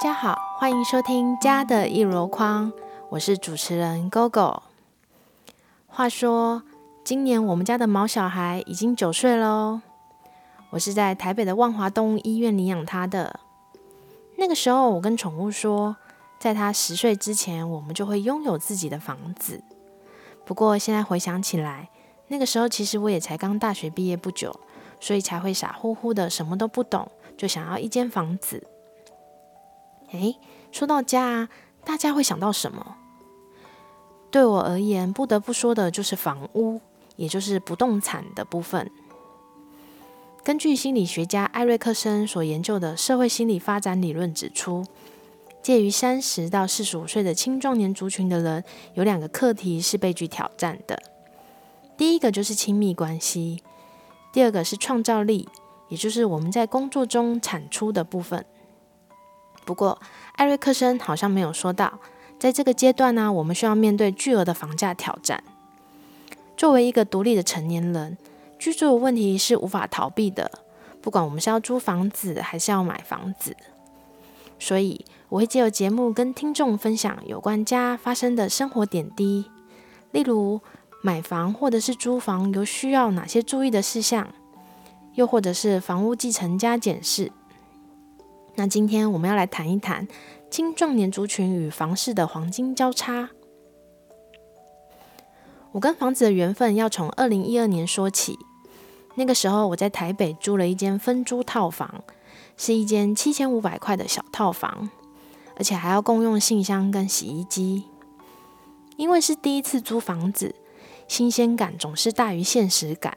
大家好，歡迎收聽《家的一籮筐》，我是主持人 GOGO。話說，今年我們家的毛小孩已經九歲嘍。我是在台北的萬華動物醫院領養它的。那個時候，我跟寵物說，在它十歲之前，我們就會擁有自己的房子。不過現在回想起來，那個時候其實我也才剛大學畢業不久，所以才會傻乎乎的什麼都不懂，就想要一間房子。誒，說到家，大家會想到什麼？對我而言，不得不說的就是房屋，也就是不動產的部分。根據心理學家艾瑞克森所研究的社會心理發展理論指出，介於三十到四十五歲的青壯年族群的人，有兩個課題是被具挑戰的。第一個就是親密關係，第二個是創造力，也就是我們在工作中產出的部分。不過，艾瑞克森好像沒有說到，在這個階段呢、啊，我們需要面對巨額的房價挑戰。作為一個獨立的成年人，居住的問題是無法逃避的，不管我們是要租房子還是要買房子。所以，我會借由節目跟聽眾分享有關家發生的生活點滴，例如買房或者是租房，有需要哪些注意的事項，又或者是房屋繼承加減事。那今天我們要來談一談青壯年族群與房市的黃金交叉。我跟房子的緣分要從二零一二年說起。那個時候我在台北租了一間分租套房，是一間七千五百塊的小套房，而且還要共用信箱跟洗衣機。因為是第一次租房子，新鮮感總是大於現實感。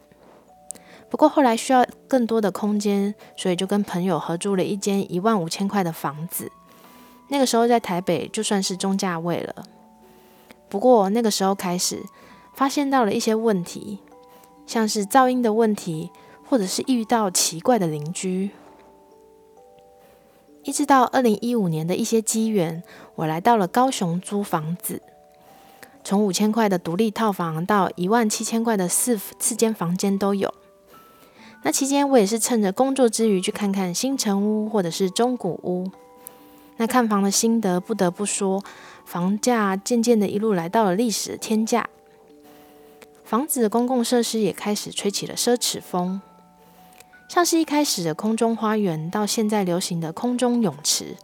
不過後來需要更多的空間，所以就跟朋友合租了一間一萬五千塊的房子。那個時候在台北就算是中價位了。不過那個時候開始發現到了一些問題，像是噪音的問題，或者是遇到奇怪的鄰居。一直到二零一五年的一些機緣，我來到了高雄租房子，從五千塊的獨立套房到一萬七千塊的四四間房間都有。那期間，我也是趁着工作之餘去看看新成屋或者是中古屋。那看房的心得，不得不說，房價漸漸地一路來到了歷史的天價。房子的公共設施也開始吹起了奢侈風，像是一開始的空中花園，到現在流行的空中泳池，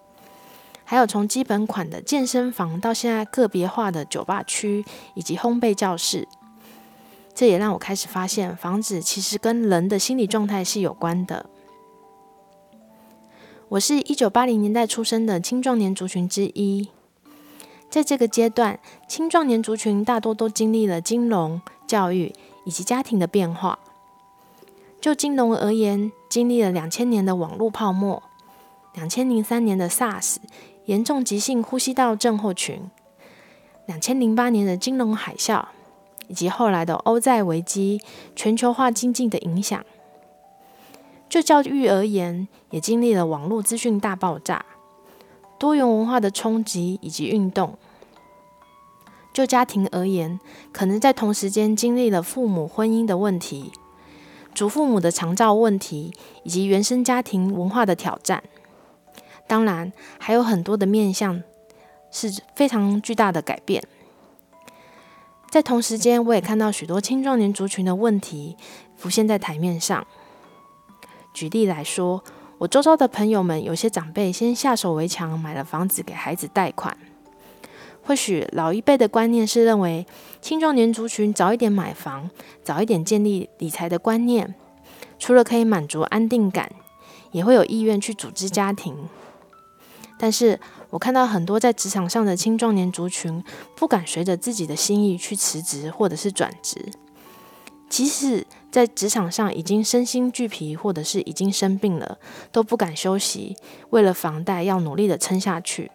還有從基本款的健身房，到現在個別化的酒吧區以及烘焙教室。這也讓我開始發現，房子其實跟人的心理狀態是有關的。我是一九八零年代出生的青壯年族群之一，在這個階段，青壯年族群大多都經歷了金融、教育以及家庭的變化。就金融而言，經歷了兩千年的網絡泡沫、兩千零三年的 SARS，嚴重急性呼吸道症候群、兩千零八年的金融海嘯。以及後來的歐債危機、全球化經濟的影響。就教育而言，也經歷了網絡資訊大爆炸、多元文化的衝擊以及運動。就家庭而言，可能在同時間經歷了父母婚姻的問題、祖父母的長照問題以及原生家庭文化的挑戰。當然，還有很多的面向是非常巨大的改變。在同時間，我也看到許多青壯年族群的問題浮現在台面上。舉例來說，我周遭的朋友們，有些長輩先下手為強，買了房子給孩子貸款。或許老一輩的觀念是認為，青壯年族群早一點買房，早一點建立理財的觀念，除了可以滿足安定感，也會有意願去組織家庭。但是我看到很多在職場上的青壯年族群，不敢隨着自己的心意去辭職或者是轉職，即使在職場上已經身心俱疲，或者是已經生病了，都不敢休息。為了房貸要努力的撐下去。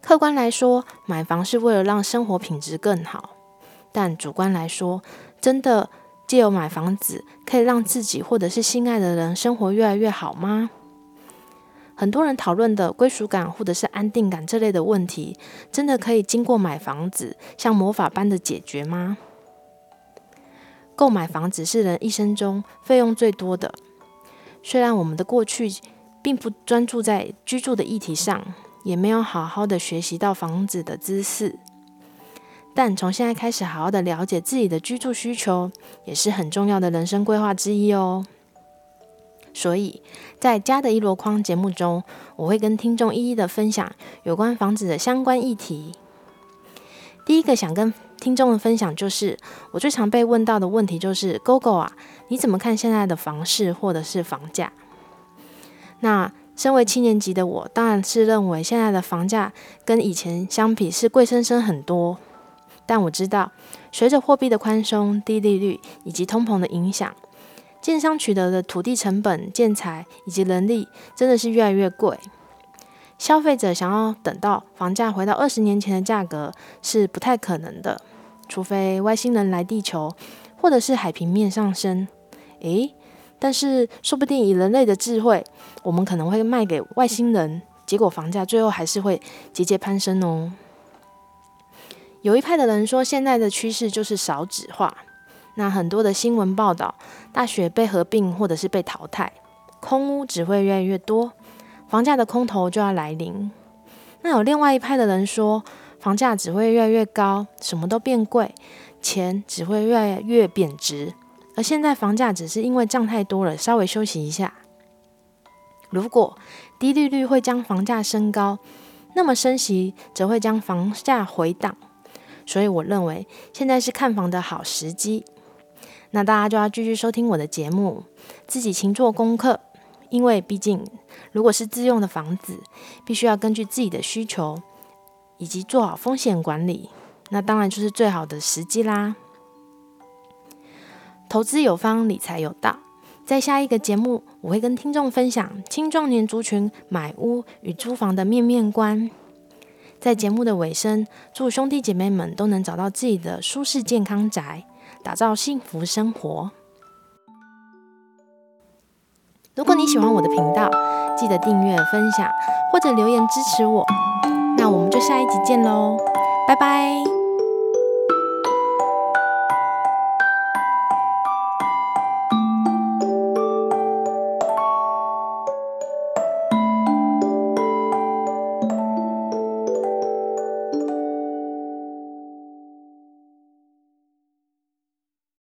客觀來說，買房是為了讓生活品質更好，但主觀來說，真的藉由買房子可以讓自己或者是心愛的人生活越來越好嗎？很多人討論的歸屬感或者是安定感這類的問題，真的可以經過買房子像魔法般的解決嗎？購買房子是人一生中費用最多的。雖然我們的過去並不專注在居住的議題上，也沒有好好的學習到房子的知識，但從現在開始好好的了解自己的居住需求，也是很重要的人生規劃之一哦。所以，在家的一籮筐節目中，我會跟聽眾一一的分享有關房子的相關議題。第一個想跟聽眾的分享就是，我最常被問到的問題就是：“GOGO 啊，你怎麼看現在的房市或者是房價？”那身為七年級的我，當然是認為現在的房價跟以前相比是貴升升很多。但我知道，隨着貨幣的寬鬆、低利率以及通膨的影響。建商取得的土地成本、建材、以及人力，真的是越來越貴。消費者想要等到房價回到二十年前的價格，是不太可能的，除非外星人來地球，或者是海平面上升。誒，但是說不定以人類的智慧，我們可能會賣給外星人，結果房價最後還是會節節攀升哦。有一派的人說，現在的趨勢就是少子化。那很多的新聞報道，大學被合併或者是被淘汰，空屋只會越來越多，房價的空頭就要來臨。那有另外一派的人說，房價只會越來越高，什麼都變貴，錢只會越來越貶值。而現在房價只是因為漲太多了，稍微休息一下。如果低利率率會將房價升高，那麼升息則會將房價回檔。所以我認為現在是看房的好時機。那大家就要繼續收聽我的節目，自己勤做功課，因為畢竟如果是自用的房子，必須要根據自己的需求，以及做好風險管理，那當然就是最好的時機啦。投資有方，理財有道。在下一個節目，我會跟聽眾分享青壯年族群買屋與租房的面面觀。在節目的尾聲，祝兄弟姐妹們都能找到自己的舒適健康宅。打造幸福生活。如果你喜歡我的頻道，記得訂閱、分享或者留言支持我。那我們就下一集見嘍，拜拜。